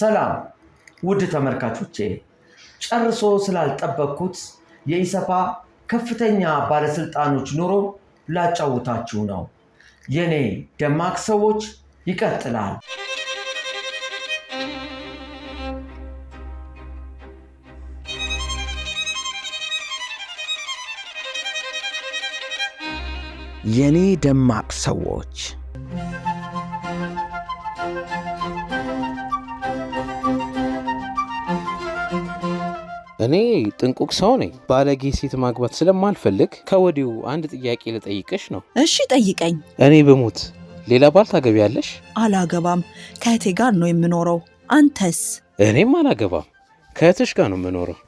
ሰላም ውድ ተመልካቾቼ፣ ጨርሶ ስላልጠበቅኩት የኢሰፓ ከፍተኛ ባለስልጣኖች ኑሮ ላጫውታችሁ ነው። የኔ ደማቅ ሰዎች ይቀጥላል። የኔ ደማቅ ሰዎች እኔ ጥንቁቅ ሰው ነኝ። ባለጌ ሴት ማግባት ስለማልፈልግ ከወዲሁ አንድ ጥያቄ ልጠይቅሽ ነው። እሺ ጠይቀኝ። እኔ ብሞት ሌላ ባል ታገቢያለሽ? አላገባም። ከእህቴ ጋር ነው የምኖረው። አንተስ? እኔም አላገባም። ከእህትሽ ጋር ነው የምኖረው።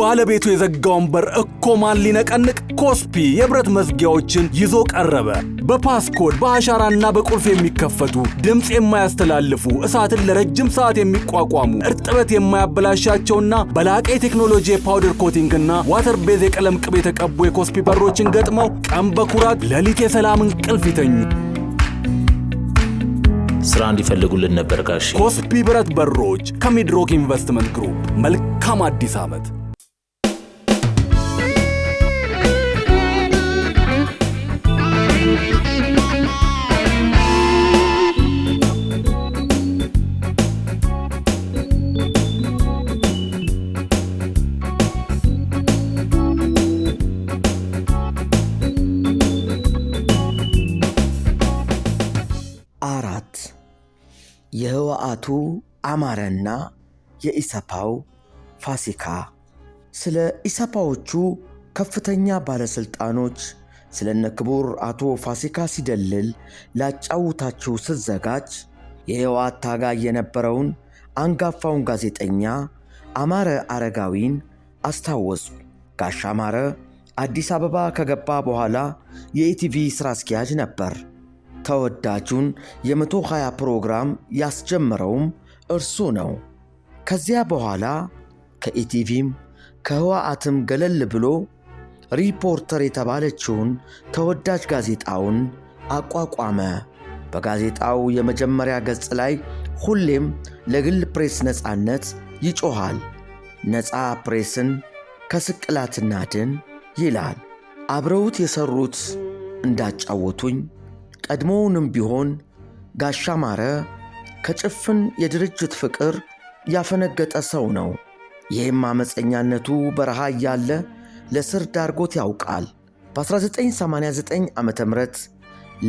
ባለቤቱ የዘጋውን በር እኮ ማን ሊነቀንቅ ኮስፒ የብረት መዝጊያዎችን ይዞ ቀረበ። በፓስኮድ በአሻራና በቁልፍ የሚከፈቱ ድምፅ የማያስተላልፉ እሳትን ለረጅም ሰዓት የሚቋቋሙ እርጥበት የማያበላሻቸውና በላቀ የቴክኖሎጂ የፓውደር ኮቲንግና ዋተር ቤዝ የቀለም ቅብ የተቀቡ የኮስፒ በሮችን ገጥመው ቀን በኩራት ሌሊት የሰላም እንቅልፍ ይተኙ። ስራ እንዲፈልጉልን ነበር ጋሽ። ኮስፒ ብረት በሮች ከሚድሮክ ኢንቨስትመንት ግሩፕ። መልካም አዲስ ዓመት። የህወሓቱ አማረና የኢሰፓው ፋሲካ ስለ ኢሰፓዎቹ ከፍተኛ ባለሥልጣኖች ስለ ክቡር አቶ ፋሲካ ሲደልል ላጫውታችሁ ስዘጋጅ የህወሓት ታጋይ የነበረውን አንጋፋውን ጋዜጠኛ አማረ አረጋዊን አስታወሱ። ጋሻ አማረ አዲስ አበባ ከገባ በኋላ የኢቲቪ ሥራ አስኪያጅ ነበር። ተወዳጁን የ120 ፕሮግራም ያስጀመረውም እርሱ ነው። ከዚያ በኋላ ከኢቲቪም ከህወሓትም ገለል ብሎ ሪፖርተር የተባለችውን ተወዳጅ ጋዜጣውን አቋቋመ። በጋዜጣው የመጀመሪያ ገጽ ላይ ሁሌም ለግል ፕሬስ ነፃነት ይጮኋል። ነፃ ፕሬስን ከስቅላትና ድን ይላል። አብረውት የሰሩት እንዳጫወቱኝ ቀድሞውንም ቢሆን ጋሻ ማረ ከጭፍን የድርጅት ፍቅር ያፈነገጠ ሰው ነው። ይህም ዓመፀኛነቱ በረሃ እያለ ለስር ዳርጎት ያውቃል። በ1989 ዓ ም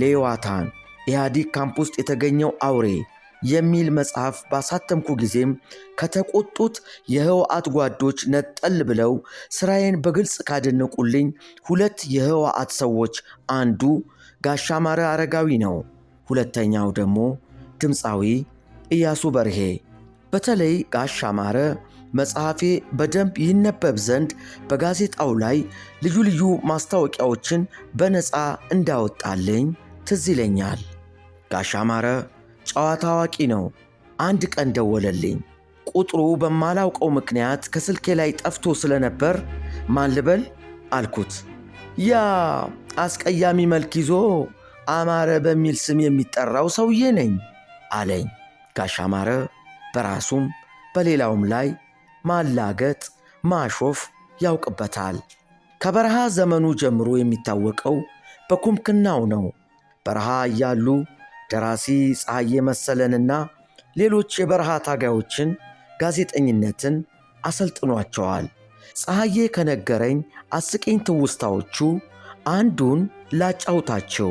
ሌዋታን ኢህአዲግ ካምፕ ውስጥ የተገኘው አውሬ የሚል መጽሐፍ ባሳተምኩ ጊዜም ከተቆጡት የህወአት ጓዶች ነጠል ብለው ስራዬን በግልጽ ካደነቁልኝ ሁለት የህወአት ሰዎች አንዱ ጋሻ ማረ አረጋዊ ነው። ሁለተኛው ደግሞ ድምፃዊ ኢያሱ በርሄ። በተለይ ጋሻ ማረ መጽሐፌ በደንብ ይነበብ ዘንድ በጋዜጣው ላይ ልዩ ልዩ ማስታወቂያዎችን በነፃ እንዳወጣልኝ ትዝ ይለኛል። ጋሻ ማረ ጨዋታ አዋቂ ነው። አንድ ቀን ደወለልኝ። ቁጥሩ በማላውቀው ምክንያት ከስልኬ ላይ ጠፍቶ ስለነበር ማን ልበል አልኩት ያ አስቀያሚ መልክ ይዞ አማረ በሚል ስም የሚጠራው ሰውዬ ነኝ አለኝ። ጋሽ አማረ በራሱም በሌላውም ላይ ማላገጥ፣ ማሾፍ ያውቅበታል። ከበረሃ ዘመኑ ጀምሮ የሚታወቀው በኩምክናው ነው። በረሃ እያሉ ደራሲ ፀሐዬ መሰለንና ሌሎች የበረሃ ታጋዮችን ጋዜጠኝነትን አሰልጥኗቸዋል። ፀሐዬ ከነገረኝ አስቂኝ ትውስታዎቹ አንዱን ላጫውታቸው።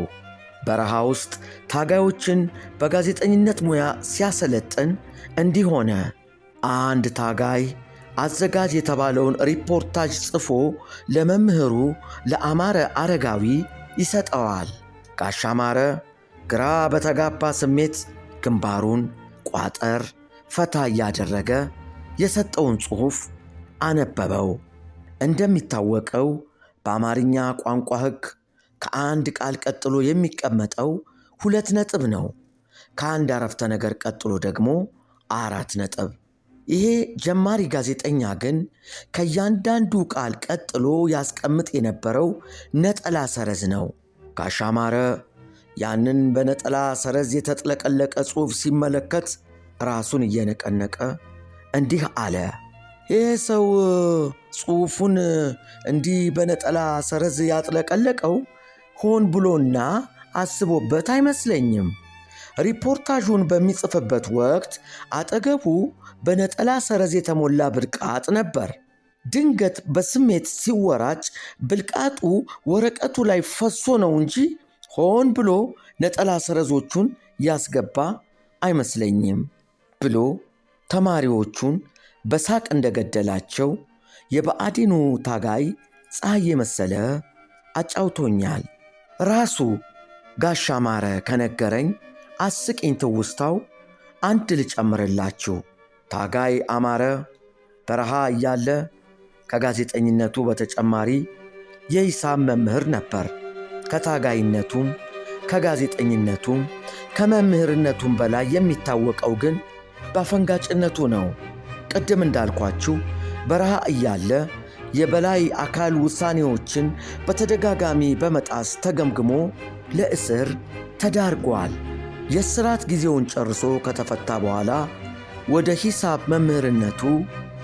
በረሃ ውስጥ ታጋዮችን በጋዜጠኝነት ሙያ ሲያሰለጥን እንዲህ ሆነ። አንድ ታጋይ አዘጋጅ የተባለውን ሪፖርታጅ ጽፎ ለመምህሩ ለአማረ አረጋዊ ይሰጠዋል። ጋሻ አማረ ግራ በተጋባ ስሜት ግንባሩን ቋጠር ፈታ እያደረገ የሰጠውን ጽሑፍ አነበበው። እንደሚታወቀው በአማርኛ ቋንቋ ሕግ ከአንድ ቃል ቀጥሎ የሚቀመጠው ሁለት ነጥብ ነው። ከአንድ አረፍተ ነገር ቀጥሎ ደግሞ አራት ነጥብ። ይሄ ጀማሪ ጋዜጠኛ ግን ከእያንዳንዱ ቃል ቀጥሎ ያስቀምጥ የነበረው ነጠላ ሰረዝ ነው። ካሻማረ! ያንን በነጠላ ሰረዝ የተጥለቀለቀ ጽሑፍ ሲመለከት ራሱን እየነቀነቀ እንዲህ አለ። ይህ ሰው ጽሑፉን እንዲህ በነጠላ ሰረዝ ያጥለቀለቀው ሆን ብሎና አስቦበት አይመስለኝም። ሪፖርታዡን በሚጽፍበት ወቅት አጠገቡ በነጠላ ሰረዝ የተሞላ ብልቃጥ ነበር። ድንገት በስሜት ሲወራጭ ብልቃጡ ወረቀቱ ላይ ፈሶ ነው እንጂ ሆን ብሎ ነጠላ ሰረዞቹን ያስገባ አይመስለኝም ብሎ ተማሪዎቹን በሳቅ እንደገደላቸው የብአዴኑ ታጋይ ፀሐይ የመሰለ አጫውቶኛል። ራሱ ጋሻ ማረ ከነገረኝ አስቂኝ ትውስታው አንድ ልጨምርላችሁ። ታጋይ አማረ በረሃ እያለ ከጋዜጠኝነቱ በተጨማሪ የሂሳብ መምህር ነበር። ከታጋይነቱም ከጋዜጠኝነቱም ከመምህርነቱም በላይ የሚታወቀው ግን በአፈንጋጭነቱ ነው። ቅድም እንዳልኳችሁ በረሃ እያለ የበላይ አካል ውሳኔዎችን በተደጋጋሚ በመጣስ ተገምግሞ ለእስር ተዳርጓል። የእስራት ጊዜውን ጨርሶ ከተፈታ በኋላ ወደ ሂሳብ መምህርነቱ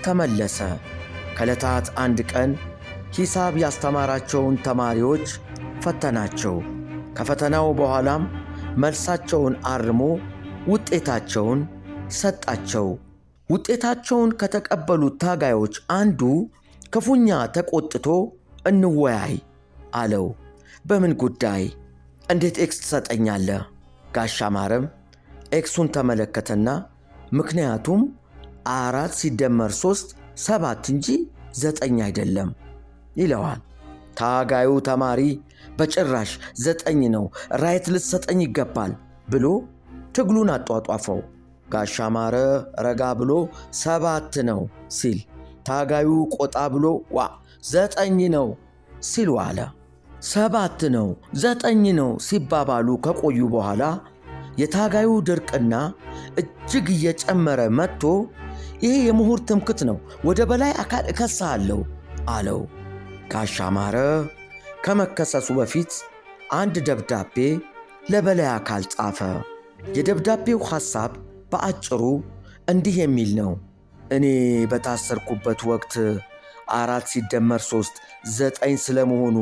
ተመለሰ። ከዕለታት አንድ ቀን ሂሳብ ያስተማራቸውን ተማሪዎች ፈተናቸው። ከፈተናው በኋላም መልሳቸውን አርሞ ውጤታቸውን ሰጣቸው። ውጤታቸውን ከተቀበሉት ታጋዮች አንዱ ክፉኛ ተቆጥቶ እንወያይ አለው። በምን ጉዳይ? እንዴት ኤክስ ትሰጠኛለ? ጋሻ ማረም ኤክሱን ተመለከተና ምክንያቱም አራት ሲደመር ሶስት ሰባት እንጂ ዘጠኝ አይደለም ይለዋል። ታጋዩ ተማሪ በጭራሽ ዘጠኝ ነው፣ ራይት ልትሰጠኝ ይገባል ብሎ ትግሉን አጧጧፈው። ጋሻ ማረ ረጋ ብሎ ሰባት ነው ሲል ታጋዩ ቆጣ ብሎ ዋ ዘጠኝ ነው ሲሉ አለ። ሰባት ነው ዘጠኝ ነው ሲባባሉ ከቆዩ በኋላ የታጋዩ ድርቅና እጅግ እየጨመረ መጥቶ ይሄ የምሁር ትምክት ነው፣ ወደ በላይ አካል እከሳለሁ አለው። ጋሻ ማረ ከመከሰሱ በፊት አንድ ደብዳቤ ለበላይ አካል ጻፈ። የደብዳቤው ሐሳብ በአጭሩ እንዲህ የሚል ነው። እኔ በታሰርኩበት ወቅት አራት ሲደመር ሶስት ዘጠኝ ስለመሆኑ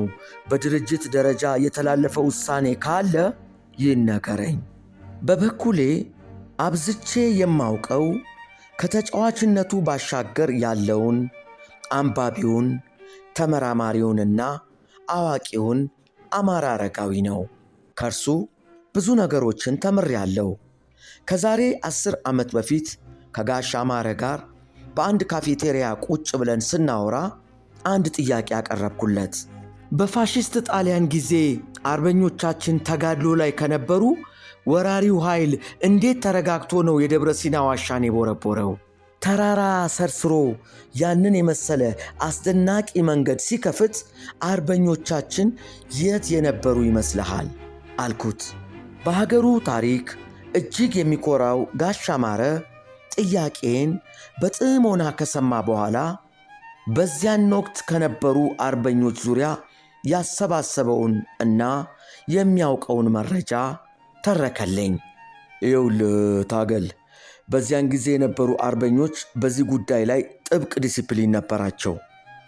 በድርጅት ደረጃ የተላለፈ ውሳኔ ካለ ይነገረኝ። በበኩሌ አብዝቼ የማውቀው ከተጫዋችነቱ ባሻገር ያለውን አንባቢውን፣ ተመራማሪውንና አዋቂውን አማራ አረጋዊ ነው። ከእርሱ ብዙ ነገሮችን ተምሬያለሁ። ከዛሬ አስር ዓመት በፊት ከጋሽ አማረ ጋር በአንድ ካፌቴሪያ ቁጭ ብለን ስናወራ አንድ ጥያቄ አቀረብኩለት። በፋሽስት ጣሊያን ጊዜ አርበኞቻችን ተጋድሎ ላይ ከነበሩ ወራሪው ኃይል እንዴት ተረጋግቶ ነው የደብረ ሲና ዋሻን የቦረቦረው? ተራራ ሰርስሮ ያንን የመሰለ አስደናቂ መንገድ ሲከፍት አርበኞቻችን የት የነበሩ ይመስልሃል? አልኩት። በሀገሩ ታሪክ እጅግ የሚኮራው ጋሻ ማረ ጥያቄን በጥሞና ከሰማ በኋላ በዚያን ወቅት ከነበሩ አርበኞች ዙሪያ ያሰባሰበውን እና የሚያውቀውን መረጃ ተረከልኝ። ይኸውልህ ታገል፣ በዚያን ጊዜ የነበሩ አርበኞች በዚህ ጉዳይ ላይ ጥብቅ ዲሲፕሊን ነበራቸው።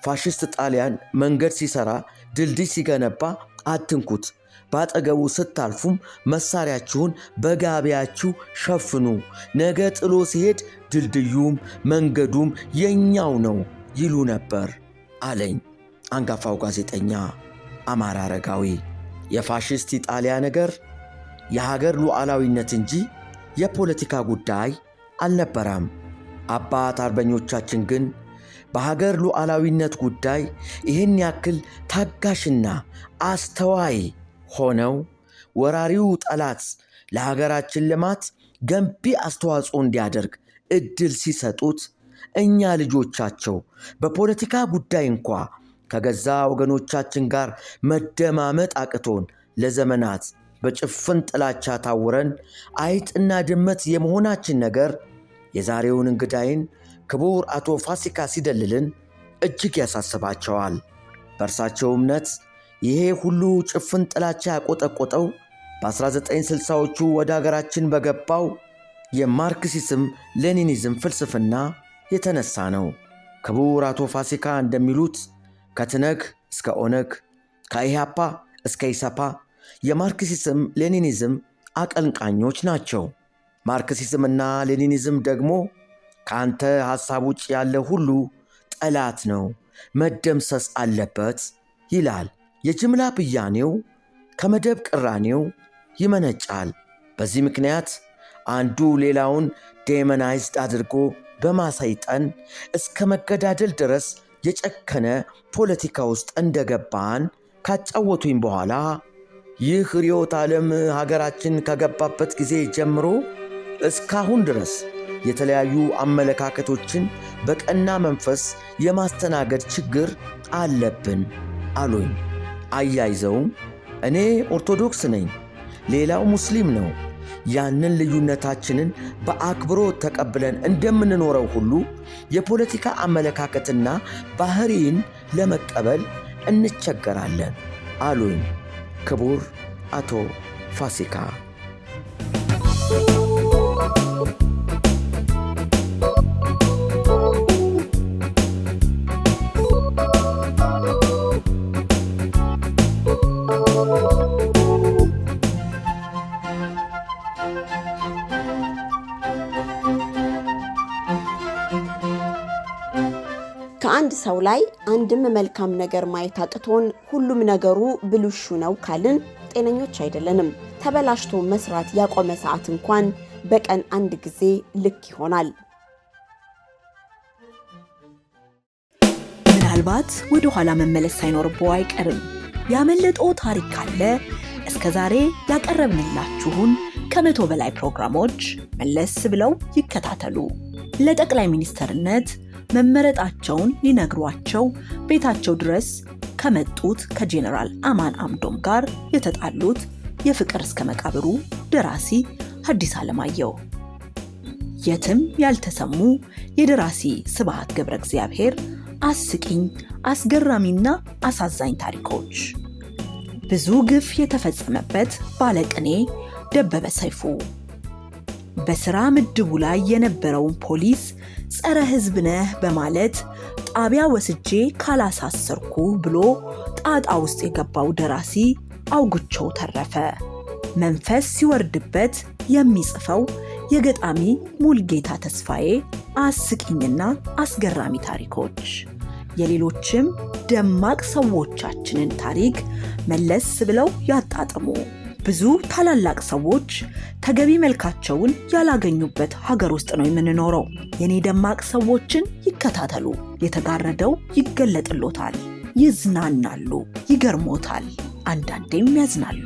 ፋሽስት ጣሊያን መንገድ ሲሰራ፣ ድልድይ ሲገነባ አትንኩት ባጠገቡ ስታልፉም መሳሪያችሁን በጋቢያችሁ ሸፍኑ። ነገ ጥሎ ሲሄድ ድልድዩም መንገዱም የኛው ነው ይሉ ነበር አለኝ አንጋፋው ጋዜጠኛ አማራ አረጋዊ። የፋሽስት ኢጣሊያ ነገር የሀገር ሉዓላዊነት እንጂ የፖለቲካ ጉዳይ አልነበረም። አባት አርበኞቻችን ግን በሀገር ሉዓላዊነት ጉዳይ ይህን ያክል ታጋሽና አስተዋይ ሆነው ወራሪው ጠላት ለሀገራችን ልማት ገንቢ አስተዋጽኦ እንዲያደርግ እድል ሲሰጡት እኛ ልጆቻቸው በፖለቲካ ጉዳይ እንኳ ከገዛ ወገኖቻችን ጋር መደማመጥ አቅቶን ለዘመናት በጭፍን ጥላቻ ታውረን አይጥና ድመት የመሆናችን ነገር የዛሬውን እንግዳይን ክቡር አቶ ፋሲካ ሲደልልን እጅግ ያሳስባቸዋል። በእርሳቸው እምነት ይሄ ሁሉ ጭፍን ጥላቻ ያቆጠቆጠው በ1960ዎቹ ወደ አገራችን በገባው የማርክሲዝም ሌኒኒዝም ፍልስፍና የተነሳ ነው። ክቡር አቶ ፋሲካ እንደሚሉት ከትነግ እስከ ኦነግ ከኢህአፓ እስከ ኢሰፓ የማርክሲዝም ሌኒኒዝም አቀንቃኞች ናቸው። ማርክሲዝምና ሌኒኒዝም ደግሞ ከአንተ ሐሳብ ውጭ ያለ ሁሉ ጠላት ነው፣ መደምሰስ አለበት ይላል። የጅምላ ብያኔው ከመደብ ቅራኔው ይመነጫል። በዚህ ምክንያት አንዱ ሌላውን ዴመናይዝድ አድርጎ በማሰይጠን እስከ መገዳደል ድረስ የጨከነ ፖለቲካ ውስጥ እንደገባን ካጫወቱኝ በኋላ ይህ ርዕዮተ ዓለም ሀገራችን ከገባበት ጊዜ ጀምሮ እስካሁን ድረስ የተለያዩ አመለካከቶችን በቀና መንፈስ የማስተናገድ ችግር አለብን አሉኝ። አያይዘውም እኔ ኦርቶዶክስ ነኝ፣ ሌላው ሙስሊም ነው፣ ያንን ልዩነታችንን በአክብሮት ተቀብለን እንደምንኖረው ሁሉ የፖለቲካ አመለካከትና ባህሪን ለመቀበል እንቸገራለን አሉኝ ክቡር አቶ ፋሲካ ሰው ላይ አንድም መልካም ነገር ማየት አቅቶን ሁሉም ነገሩ ብልሹ ነው ካልን ጤነኞች አይደለንም። ተበላሽቶ መስራት ያቆመ ሰዓት እንኳን በቀን አንድ ጊዜ ልክ ይሆናል። ምናልባት ወደ ኋላ መመለስ ሳይኖርበው አይቀርም። ያመለጠው ታሪክ ካለ እስከ ዛሬ ያቀረብንላችሁን ከመቶ በላይ ፕሮግራሞች መለስ ብለው ይከታተሉ። ለጠቅላይ ሚኒስትርነት መመረጣቸውን ሊነግሯቸው ቤታቸው ድረስ ከመጡት ከጄኔራል አማን አምዶም ጋር የተጣሉት የፍቅር እስከ መቃብሩ ደራሲ ሐዲስ ዓለማየሁ የትም ያልተሰሙ የደራሲ ስብሐት ገብረ እግዚአብሔር አስቂኝ አስገራሚና አሳዛኝ ታሪኮች ብዙ ግፍ የተፈጸመበት ባለቅኔ ደበበ ሰይፉ በሥራ ምድቡ ላይ የነበረውን ፖሊስ ጸረ ህዝብ ነህ በማለት ጣቢያ ወስጄ ካላሳሰርኩ ብሎ ጣጣ ውስጥ የገባው ደራሲ አውግቸው ተረፈ መንፈስ ሲወርድበት የሚጽፈው የገጣሚ ሙልጌታ ተስፋዬ አስቂኝና አስገራሚ ታሪኮች የሌሎችም ደማቅ ሰዎቻችንን ታሪክ መለስ ብለው ያጣጥሙ። ብዙ ታላላቅ ሰዎች ተገቢ መልካቸውን ያላገኙበት ሀገር ውስጥ ነው የምንኖረው። የኔ ደማቅ ሰዎችን ይከታተሉ። የተጋረደው ይገለጥሎታል፣ ይዝናናሉ፣ ይገርሞታል፣ አንዳንዴም ያዝናሉ።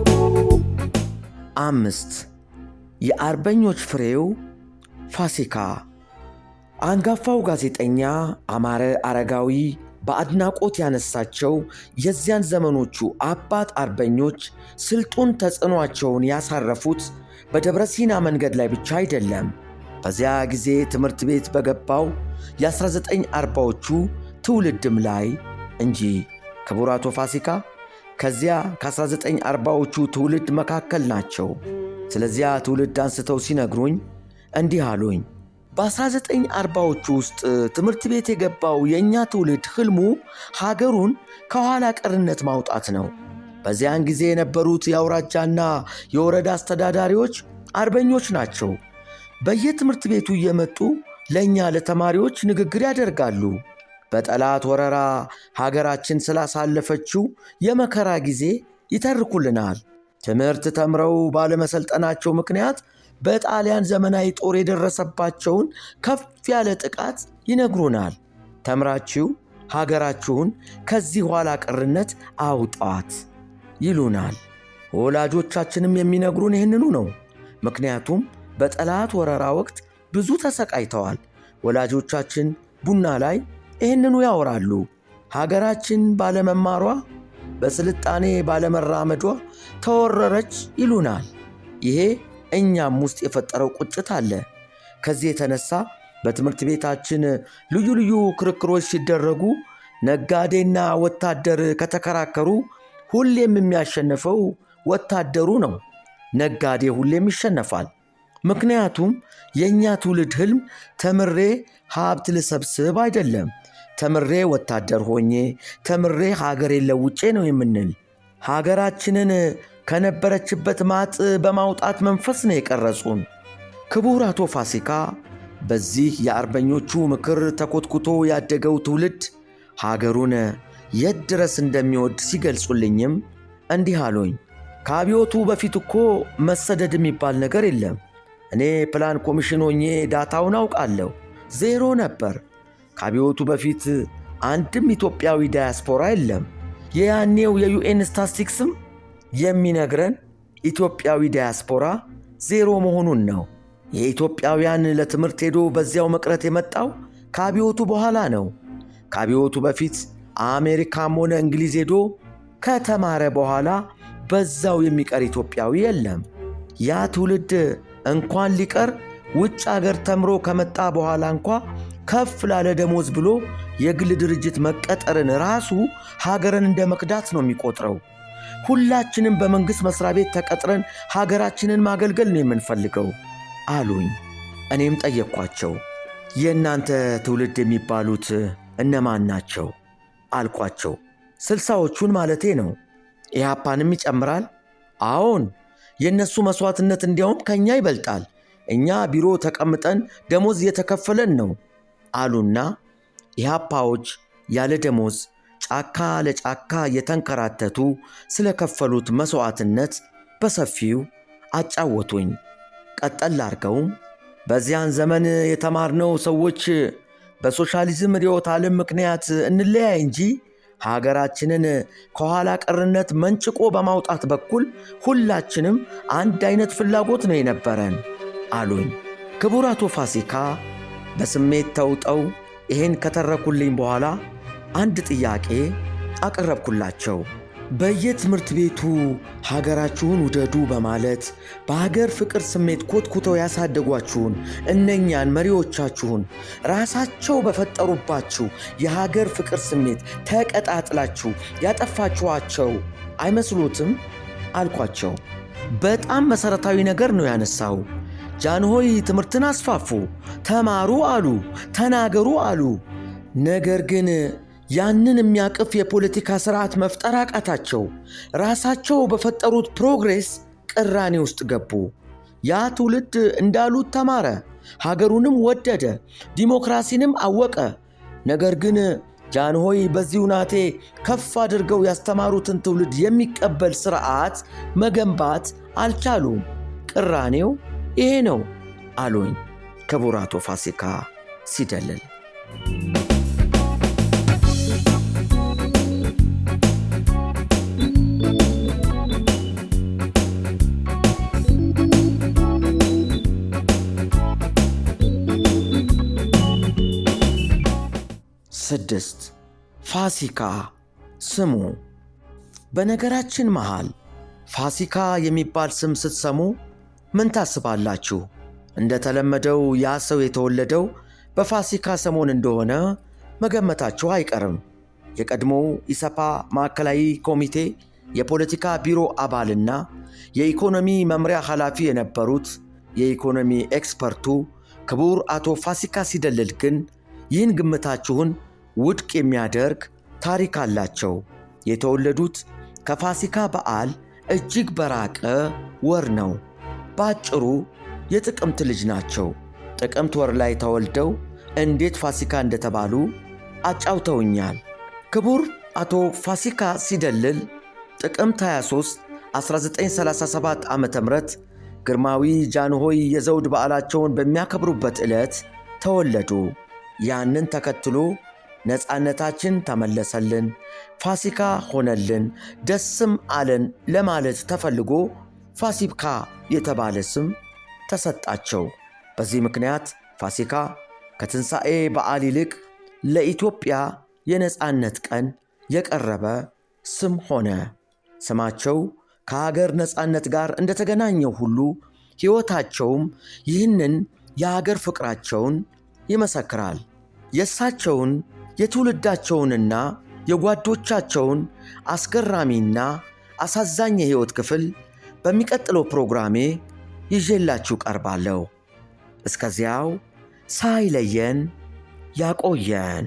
አምስት የአርበኞች ፍሬው ፋሲካ አንጋፋው ጋዜጠኛ አማረ አረጋዊ በአድናቆት ያነሳቸው የዚያን ዘመኖቹ አባት አርበኞች ስልጡን ተጽዕኖአቸውን ያሳረፉት በደብረ ሲና መንገድ ላይ ብቻ አይደለም። በዚያ ጊዜ ትምህርት ቤት በገባው የ1940ዎቹ ትውልድም ላይ እንጂ። ክቡር አቶ ፋሲካ ከዚያ ከ1940ዎቹ ትውልድ መካከል ናቸው። ስለዚያ ትውልድ አንስተው ሲነግሩኝ እንዲህ አሉኝ። በ1940ዎቹ ውስጥ ትምህርት ቤት የገባው የእኛ ትውልድ ሕልሙ ሀገሩን ከኋላ ቀርነት ማውጣት ነው። በዚያን ጊዜ የነበሩት የአውራጃና የወረዳ አስተዳዳሪዎች አርበኞች ናቸው። በየትምህርት ቤቱ እየመጡ ለእኛ ለተማሪዎች ንግግር ያደርጋሉ። በጠላት ወረራ ሀገራችን ስላሳለፈችው የመከራ ጊዜ ይተርኩልናል። ትምህርት ተምረው ባለመሰልጠናቸው ምክንያት በጣሊያን ዘመናዊ ጦር የደረሰባቸውን ከፍ ያለ ጥቃት ይነግሩናል። ተምራችሁ ሀገራችሁን ከዚህ ኋላ ቀርነት አውጧት ይሉናል። ወላጆቻችንም የሚነግሩን ይህንኑ ነው። ምክንያቱም በጠላት ወረራ ወቅት ብዙ ተሰቃይተዋል። ወላጆቻችን ቡና ላይ ይህንኑ ያወራሉ። ሀገራችን ባለመማሯ በስልጣኔ ባለመራመዷ ተወረረች ይሉናል። ይሄ እኛም ውስጥ የፈጠረው ቁጭት አለ። ከዚህ የተነሳ በትምህርት ቤታችን ልዩ ልዩ ክርክሮች ሲደረጉ ነጋዴና ወታደር ከተከራከሩ ሁሌም የሚያሸንፈው ወታደሩ ነው። ነጋዴ ሁሌም ይሸነፋል። ምክንያቱም የእኛ ትውልድ ህልም ተምሬ ሀብት ልሰብስብ አይደለም ተምሬ ወታደር ሆኜ ተምሬ ሀገሬን ለውጬ ነው የምንል። ሀገራችንን ከነበረችበት ማጥ በማውጣት መንፈስ ነው የቀረጹን። ክቡር አቶ ፋሲካ በዚህ የአርበኞቹ ምክር ተኮትኩቶ ያደገው ትውልድ ሀገሩን የት ድረስ እንደሚወድ ሲገልጹልኝም እንዲህ አሉኝ። ከአብዮቱ በፊት እኮ መሰደድ የሚባል ነገር የለም። እኔ ፕላን ኮሚሽን ሆኜ ዳታውን አውቃለሁ፣ ዜሮ ነበር። ከአብዮቱ በፊት አንድም ኢትዮጵያዊ ዳያስፖራ የለም። የያኔው የዩኤን ስታስቲክስም የሚነግረን ኢትዮጵያዊ ዳያስፖራ ዜሮ መሆኑን ነው። የኢትዮጵያውያን ለትምህርት ሄዶ በዚያው መቅረት የመጣው ከአብዮቱ በኋላ ነው። ከአብዮቱ በፊት አሜሪካም ሆነ እንግሊዝ ሄዶ ከተማረ በኋላ በዛው የሚቀር ኢትዮጵያዊ የለም። ያ ትውልድ እንኳን ሊቀር ውጭ አገር ተምሮ ከመጣ በኋላ እንኳ ከፍ ላለ ደሞዝ ብሎ የግል ድርጅት መቀጠርን ራሱ ሀገርን እንደ መክዳት ነው የሚቆጥረው። ሁላችንም በመንግሥት መሥሪያ ቤት ተቀጥረን ሀገራችንን ማገልገል ነው የምንፈልገው አሉኝ። እኔም ጠየቅኳቸው። የእናንተ ትውልድ የሚባሉት እነማን ናቸው አልኳቸው። ስልሳዎቹን ማለቴ ነው። ኢህአፓንም ይጨምራል? አዎን፣ የእነሱ መሥዋዕትነት እንዲያውም ከእኛ ይበልጣል። እኛ ቢሮ ተቀምጠን ደሞዝ እየተከፈለን ነው። አሉና ኢህአፓዎች ያለ ደሞዝ ጫካ ለጫካ የተንከራተቱ ስለከፈሉት መሥዋዕትነት በሰፊው አጫወቱኝ። ቀጠል አርገውም በዚያን ዘመን የተማርነው ሰዎች በሶሻሊዝም ርዕዮተ ዓለም ምክንያት እንለያይ እንጂ ሀገራችንን ከኋላ ቀርነት መንጭቆ በማውጣት በኩል ሁላችንም አንድ አይነት ፍላጎት ነው የነበረን አሉኝ። ክቡር አቶ ፋሲካ በስሜት ተውጠው ይሄን ከተረኩልኝ በኋላ አንድ ጥያቄ አቀረብኩላቸው። በየትምህርት ቤቱ ሀገራችሁን ውደዱ በማለት በሀገር ፍቅር ስሜት ኮትኩተው ያሳደጓችሁን እነኛን መሪዎቻችሁን ራሳቸው በፈጠሩባችሁ የሀገር ፍቅር ስሜት ተቀጣጥላችሁ ያጠፋችኋቸው አይመስሉትም አልኳቸው። በጣም መሰረታዊ ነገር ነው ያነሳው። ጃንሆይ ትምህርትን አስፋፉ፣ ተማሩ አሉ፣ ተናገሩ አሉ። ነገር ግን ያንን የሚያቅፍ የፖለቲካ ስርዓት መፍጠር አቃታቸው። ራሳቸው በፈጠሩት ፕሮግሬስ ቅራኔ ውስጥ ገቡ። ያ ትውልድ እንዳሉት ተማረ፣ ሀገሩንም ወደደ፣ ዲሞክራሲንም አወቀ። ነገር ግን ጃንሆይ በዚህ ሁናቴ ከፍ አድርገው ያስተማሩትን ትውልድ የሚቀበል ስርዓት መገንባት አልቻሉም። ቅራኔው ይሄ ነው አሉኝ ከቡራቶ ፋሲካ ሲደልል ስድስት ፋሲካ ስሙ። በነገራችን መሃል ፋሲካ የሚባል ስም ስትሰሙ ምን ታስባላችሁ? እንደተለመደው ያ ሰው የተወለደው በፋሲካ ሰሞን እንደሆነ መገመታችሁ አይቀርም። የቀድሞው ኢሰፓ ማዕከላዊ ኮሚቴ የፖለቲካ ቢሮ አባልና የኢኮኖሚ መምሪያ ኃላፊ የነበሩት የኢኮኖሚ ኤክስፐርቱ ክቡር አቶ ፋሲካ ሲደልል ግን ይህን ግምታችሁን ውድቅ የሚያደርግ ታሪክ አላቸው። የተወለዱት ከፋሲካ በዓል እጅግ በራቀ ወር ነው። በአጭሩ የጥቅምት ልጅ ናቸው። ጥቅምት ወር ላይ ተወልደው እንዴት ፋሲካ እንደተባሉ አጫውተውኛል። ክቡር አቶ ፋሲካ ሲደልል ጥቅምት 23 1937 ዓ ም ግርማዊ ጃንሆይ የዘውድ በዓላቸውን በሚያከብሩበት ዕለት ተወለዱ። ያንን ተከትሎ ነፃነታችን ተመለሰልን፣ ፋሲካ ሆነልን፣ ደስም አለን ለማለት ተፈልጎ ፋሲካ የተባለ ስም ተሰጣቸው። በዚህ ምክንያት ፋሲካ ከትንሣኤ በዓል ይልቅ ለኢትዮጵያ የነፃነት ቀን የቀረበ ስም ሆነ። ስማቸው ከሀገር ነፃነት ጋር እንደተገናኘው ሁሉ ሕይወታቸውም ይህንን የሀገር ፍቅራቸውን ይመሰክራል። የእሳቸውን የትውልዳቸውንና የጓዶቻቸውን አስገራሚና አሳዛኝ የሕይወት ክፍል በሚቀጥለው ፕሮግራሜ ይዤላችሁ ቀርባለሁ። እስከዚያው ሳይለየን ያቆየን።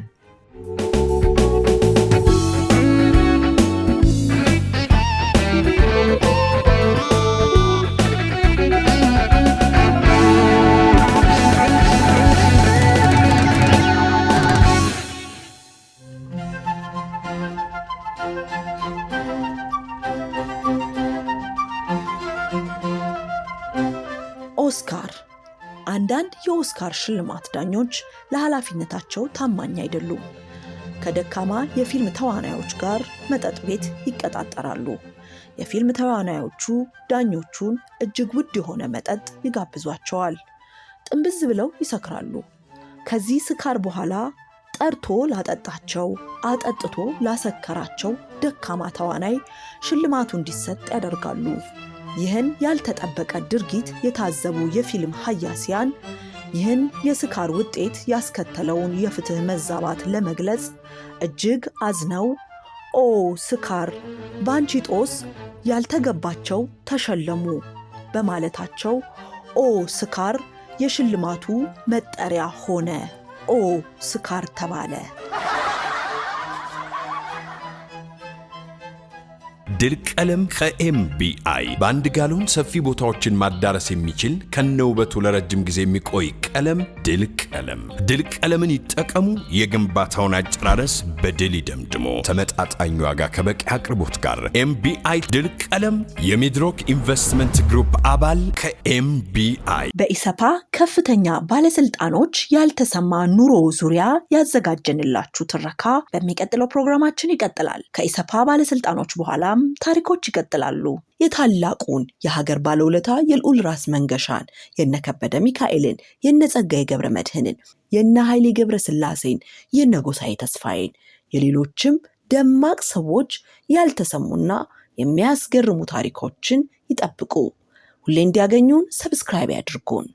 አንዳንድ የኦስካር ሽልማት ዳኞች ለኃላፊነታቸው ታማኝ አይደሉም። ከደካማ የፊልም ተዋናዮች ጋር መጠጥ ቤት ይቀጣጠራሉ። የፊልም ተዋናዮቹ ዳኞቹን እጅግ ውድ የሆነ መጠጥ ይጋብዟቸዋል። ጥንብዝ ብለው ይሰክራሉ። ከዚህ ስካር በኋላ ጠርቶ ላጠጣቸው አጠጥቶ ላሰከራቸው ደካማ ተዋናይ ሽልማቱ እንዲሰጥ ያደርጋሉ። ይህን ያልተጠበቀ ድርጊት የታዘቡ የፊልም ሀያሲያን ይህን የስካር ውጤት ያስከተለውን የፍትህ መዛባት ለመግለጽ እጅግ አዝነው ኦ ስካር በአንቺ ጦስ ያልተገባቸው ተሸለሙ በማለታቸው ኦ ስካር የሽልማቱ መጠሪያ ሆነ። ኦ ስካር ተባለ። ድል ቀለም ከኤምቢአይ በአንድ ጋሎን ሰፊ ቦታዎችን ማዳረስ የሚችል ከነውበቱ ለረጅም ጊዜ የሚቆይ ቀለም ድል ቀለም። ድል ቀለምን ይጠቀሙ። የግንባታውን አጨራረስ በድል ይደምድሞ። ተመጣጣኝ ዋጋ ከበቂ አቅርቦት ጋር ኤምቢአይ ድል ቀለም የሚድሮክ ኢንቨስትመንት ግሩፕ አባል ከኤምቢአይ በኢሰፓ ከፍተኛ ባለስልጣኖች ያልተሰማ ኑሮ ዙሪያ ያዘጋጀንላችሁ ትረካ በሚቀጥለው ፕሮግራማችን ይቀጥላል። ከኢሰፓ ባለስልጣኖች በኋላም ሌላም ታሪኮች ይቀጥላሉ። የታላቁን የሀገር ባለውለታ የልዑል ራስ መንገሻን፣ የነከበደ ሚካኤልን፣ የነ ጸጋዬ ገብረ የነ ኃይሌ ገብረ ስላሴን፣ የነ ጎሳዬ ተስፋዬን፣ የሌሎችም ደማቅ ሰዎች ያልተሰሙና የሚያስገርሙ ታሪኮችን ይጠብቁ። ሁሌ እንዲያገኙን ሰብስክራይብ ያድርጉን።